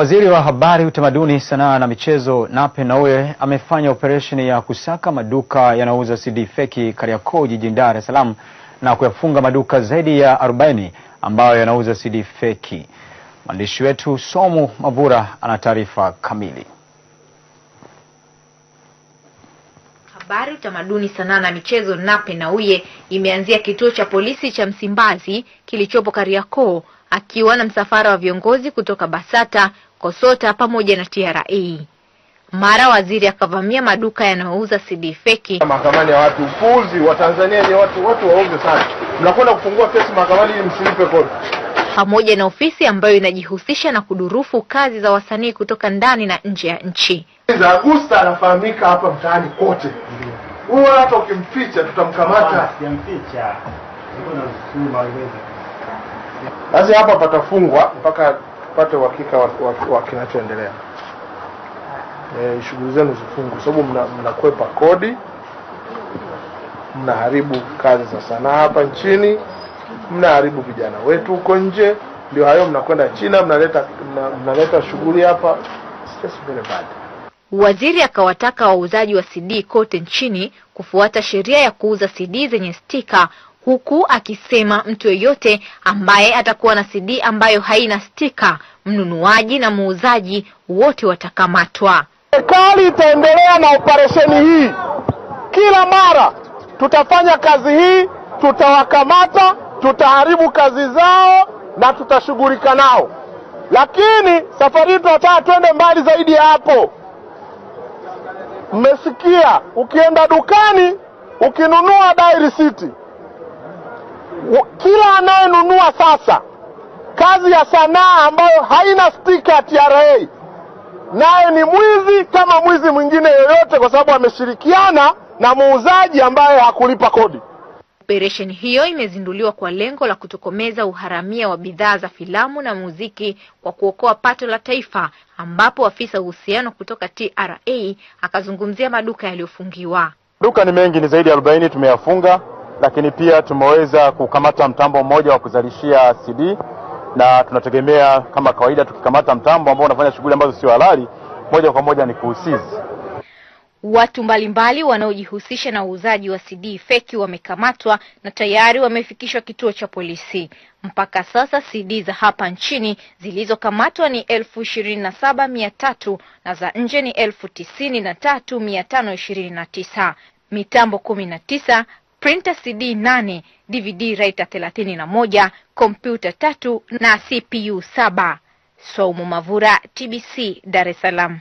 Waziri wa Habari, Utamaduni, Sanaa na Michezo Nape Nnauye amefanya operesheni ya kusaka maduka yanayouza CD feki Kariakoo jijini Dar es Salaam na kuyafunga maduka zaidi ya 40 ambayo yanauza CD feki. Mwandishi wetu Somu Mavura ana taarifa kamili. Habari, Utamaduni, Sanaa na Michezo Nape Nnauye imeanzia kituo cha polisi cha Msimbazi kilichopo Kariakoo akiwa na msafara wa viongozi kutoka BASATA KOSOTA pamoja na TRA. Mara waziri akavamia maduka yanayouza CD feki. Mahakamani ya watu upuzi wa Tanzania ni watu, watu waongo sana. Mnakwenda kufungua kesi mahakamani ili msilipe kodi. Pamoja na ofisi ambayo inajihusisha na kudurufu kazi za wasanii kutoka ndani na nje ya nchi. Agusta anafahamika hapa mtaani kote. Huyo hata ukimficha tutamkamata. Sijamficha. Hapa patafungwa mpaka pate uhakika wa, wa, wa kinachoendelea. E, shughuli zenu zifungwe kwa sababu mnakwepa mna kodi, mnaharibu kazi za sanaa hapa nchini, mnaharibu vijana wetu huko nje. Ndio hayo mnakwenda China, mnaleta mna, mnaleta shughuli hapa Waziri akawataka wauzaji wa CD kote nchini kufuata sheria ya kuuza CD zenye stika huku akisema mtu yeyote ambaye atakuwa na CD ambayo haina stika, mnunuaji na muuzaji wote watakamatwa. Serikali itaendelea na operesheni hii kila mara, tutafanya kazi hii, tutawakamata, tutaharibu kazi zao na tutashughulika nao. Lakini safari hii tunataka twende mbali zaidi ya hapo. Mmesikia, ukienda dukani ukinunua dai risiti kila anayenunua sasa kazi ya sanaa ambayo haina stika ya TRA naye ni mwizi kama mwizi mwingine yoyote, kwa sababu ameshirikiana na muuzaji ambaye hakulipa kodi. Operesheni hiyo imezinduliwa kwa lengo la kutokomeza uharamia wa bidhaa za filamu na muziki kwa kuokoa pato la taifa, ambapo afisa uhusiano kutoka TRA akazungumzia maduka yaliyofungiwa. Duka ni mengi, ni zaidi ya 40 tumeyafunga lakini pia tumeweza kukamata mtambo mmoja wa kuzalishia CD na tunategemea kama kawaida, tukikamata mtambo ambao unafanya shughuli ambazo sio halali, moja kwa moja ni kuusizi. Watu mbalimbali wanaojihusisha na uuzaji wa CD feki wamekamatwa na tayari wamefikishwa kituo cha polisi. Mpaka sasa CD za hapa nchini zilizokamatwa ni elfu ishirini na saba mia tatu na za nje ni elfu tisini na tatu mia tano ishirini na tisa mitambo kumi na tisa printer CD 8, DVD writer 31, kompyuta tatu na CPU saba. Saumu Mavura, TBC, Dar es Salaam.